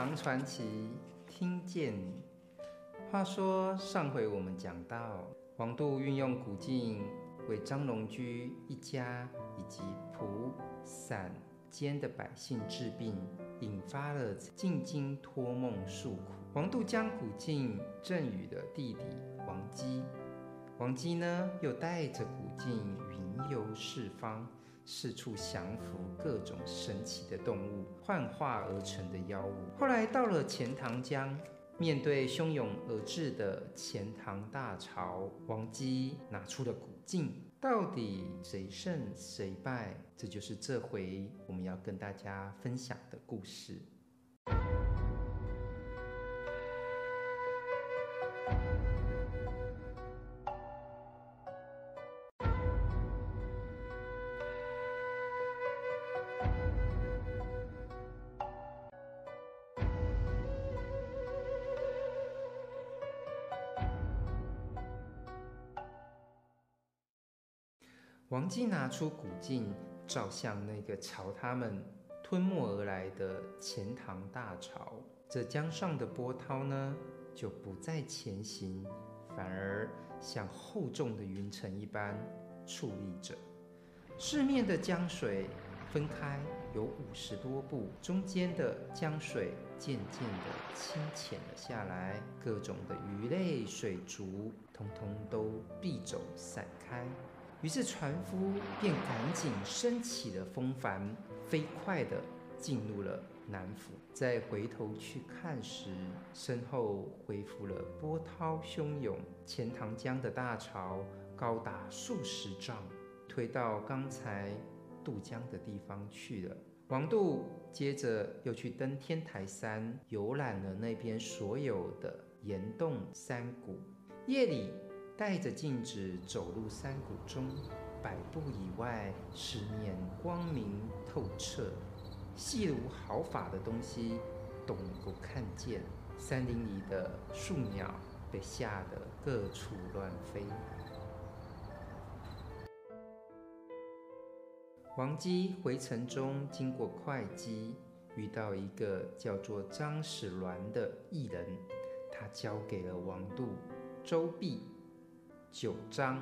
唐傳奇，聽見你。話說上回我們講到，王度運用古鏡為張龍駒一家以及蒲陝間的百姓治病，引發了鏡精託夢訴苦。王度將古鏡贈予了弟弟王績，王績呢又帶着古鏡雲遊四方。四處降服各種神奇的動物幻化而成的妖物，後來到了錢塘江，面對洶湧而至的錢塘大潮，王績拿出了古鏡，到底誰勝誰敗？這就是這回，我們要跟大家分享的故事。王績拿出古鏡照向那個朝他們吞沒而來的錢塘大潮，這江上的波濤呢，就不再前行，反而像厚重的雲層一般矗立着。四面的江水分開有五十多步，中間的江水漸漸地清淺了下來，各種的魚類、水族通通都避走散開。於是船夫便趕緊升起了風帆，飛快地進入了南府。再回頭去看時，身後恢復了波濤洶湧，錢塘江的大潮高達數十丈，推到剛才渡江的地方去了。王度接着又去登天台山，遊覽了那邊所有的岩洞山谷。夜裡。帶着鏡子走入山谷中，百步以外，十面光明透徹，細如毫髮的東西都能夠看見。山林裡的樹鳥被嚇得各處亂飛。王績回城中，經過會稽，遇到一個叫做張始鸞的異人，他交給了王度、周髀。九章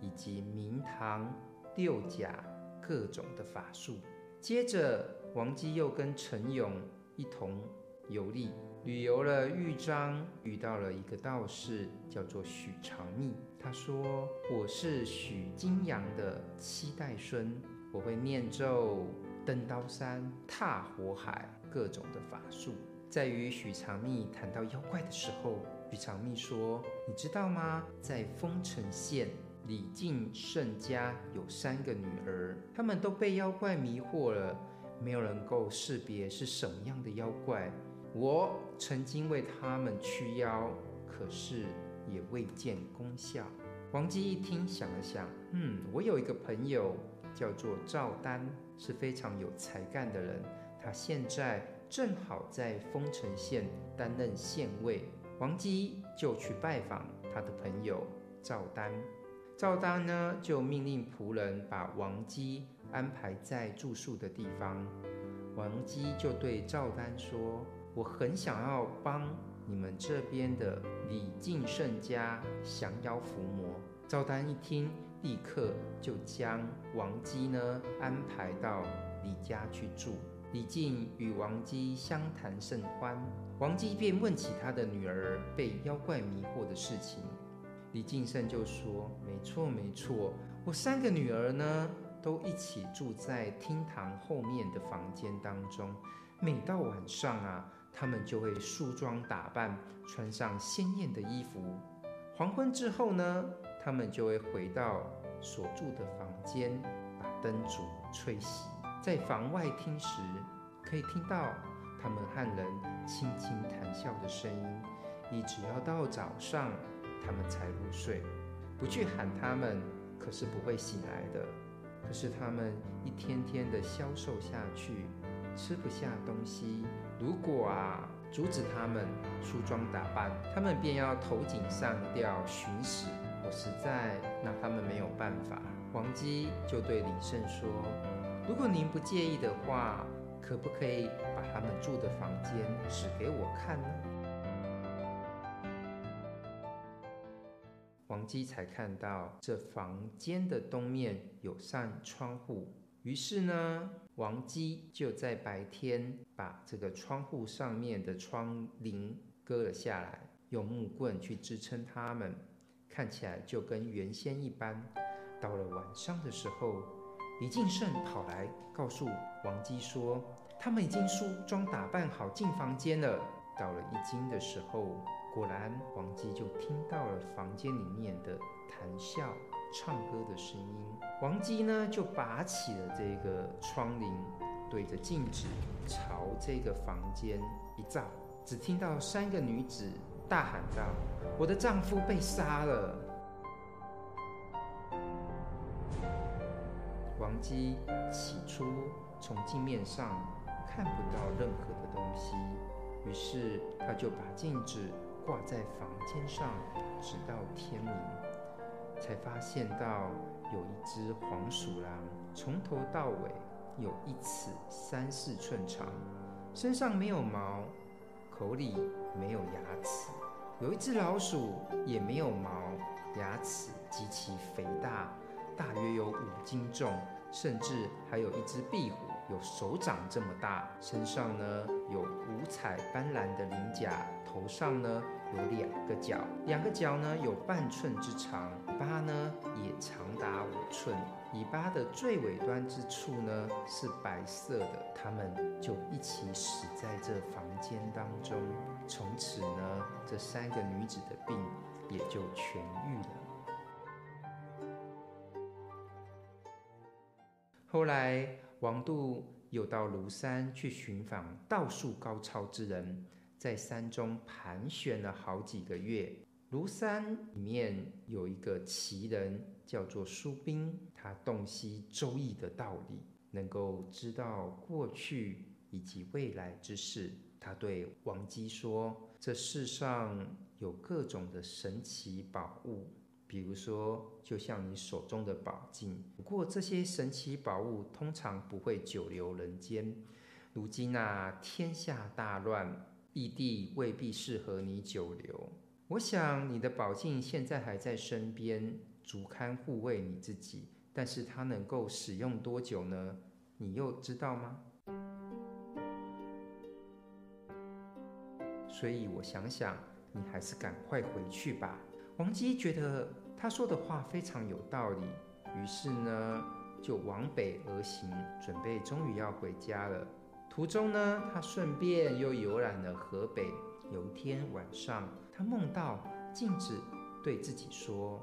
以及明堂、六甲各種的法術。接着，王績又跟陳勇一同遊歷，旅遊了豫章，遇到了一個道士，叫做許藏秘。他說：“我是許旌陽的七代孫，我會念咒、登刀山、踏火海，各種的法術。”在與許藏秘談到妖怪的時候。許藏秘說：“你知道嗎？在豐城縣李敬慎家有三個女兒，他們都被妖怪迷惑了，沒有人能夠識別是什麼樣的妖怪。我曾經為他們驅妖，可是也未見功效。”王績一聽，想了想，嗯，我有一個朋友叫做趙丹，是非常有才幹的人，他現在正好在豐城縣擔任縣尉。王績就去拜訪他的朋友趙丹，趙丹呢就命令僕人把王績安排在住宿的地方。王績就對趙丹說：“我很想要幫你們這邊的李敬勝家降妖伏魔。”趙丹一聽，立刻就將王績呢安排到李家去住。李靖與王績相談甚歡，王績便問起他的女兒被妖怪迷惑的事情。李敬慎就說：“沒錯，沒錯，我三個女兒呢，都一起住在廳堂後面的房間當中。每到晚上啊，她們就會梳妝打扮，穿上鮮豔的衣服。黃昏之後呢，她們就會回到所住的房間，把燈燭吹熄。”在房外聽時，可以聽到他們和人輕輕談笑的聲音。一直要到早上，他們才入睡。不去喊他們，可是不會醒來的。可是他們一天天的消瘦下去，吃不下東西。如果啊阻止他們梳妝打扮，他們便要投井上吊尋死。我實在拿他們沒有辦法。王績就對李勝說。如果您不介意的話，可不可以把他們住的房間指給我看呢？王績才看到這房間的東面有扇窗戶，於是呢，王績就在白天把這個窗戶上面的窗欞割了下來，用木棍去支撐它們，看起來就跟原先一般。到了晚上的時候，李敬慎跑來告訴王績說：“他們已經梳妝打扮好進房間了。”到了一更的時候，果然王績就聽到了房間裡面的談笑、唱歌的聲音。王績呢，就拔起了這個窗棂，對着鏡子朝這個房間一照，只聽到三個女子大喊道：“我的丈夫被殺了！”王績起初從鏡面上看不到任何的東西，於是他就把鏡子掛在房間上，直到天明，才發現到有一隻黃鼠狼，從頭到尾有一尺三四寸長，身上沒有毛，口裡沒有牙齒；有一隻老鼠也沒有毛，牙齒極其肥大，大約有五斤重，甚至還有一隻壁虎，有手掌這麼大，身上呢有五彩斑斕的鱗甲，頭上呢有兩個角，兩個角呢有半寸之長，尾巴呢也長達五寸，尾巴的最尾端之處呢是白色的。他們就一起死在這房間當中，從此呢這三個女子的病也就痊癒了。後來，王度又到廬山去尋訪道術高超之人，在山中盤旋了好幾個月。廬山裡面有一個奇人，叫做蘇賓，他洞悉《周易》的道理，能夠知道過去以及未來之事。他對王績說：“這世上有各種的神奇寶物。”比如說，就像你手中的寶鏡，不過這些神奇寶物通常不會久留人間。如今啊，天下大亂，異地未必適合你久留。我想你的寶鏡現在還在身邊，足堪護衛你自己，但是它能夠使用多久呢？你又知道嗎？所以我想想，你還是趕快回去吧。王績覺得他說的話非常有道理，於是呢，就往北而行，準備終於要回家了。途中呢，他順便又遊覽了河北。有一天晚上，他夢到鏡子對自己說：“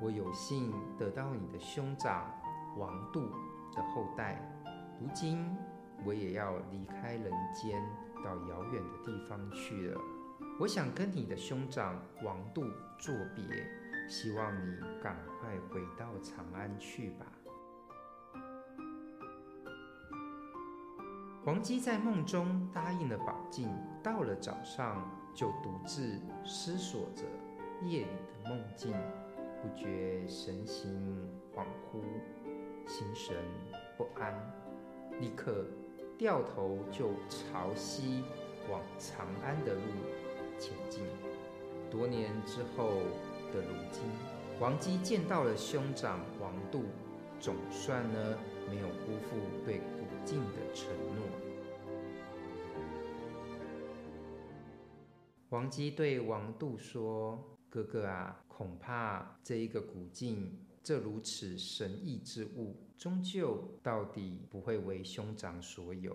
我有幸得到你的兄長王度的後代，如今我也要離開人間，到遙遠的地方去了。我想跟你的兄長王度作別。”希望你趕快回到長安去吧。王績在夢中答應了寶鏡，到了早上就獨自思索着夜裡的夢境，不覺神形恍惚，心神不安，立刻掉頭就朝西往長安的路前進。多年之後。的如今，王績見到了兄長王度，總算呢，沒有辜負對古鏡的承諾。王績對王度說：“哥哥啊，恐怕這一個古鏡，這如此神異之物，終究到底不會為兄長所有。”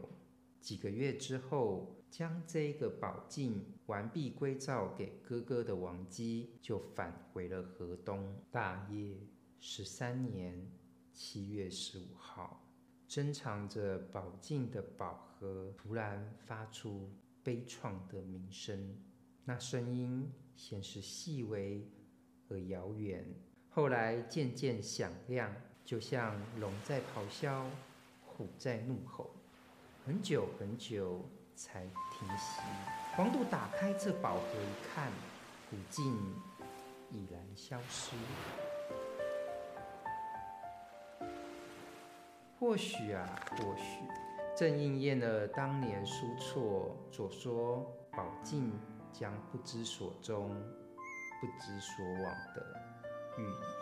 幾個月之後，將這個寶鏡完璧歸趙給哥哥的王績就返回了河東。大業十三年七月十五號，珍藏着寶鏡的寶盒突然發出悲愴的鳴聲，那聲音先是細微而遙遠，後來漸漸響亮，就像龍在咆哮，虎在怒吼。很久很久才停息。王度打開這寶盒一看，古鏡已然消失。或許啊，或許，正應驗了當年蘇綽所說：“寶鏡將不知所終，不知所往”的寓意。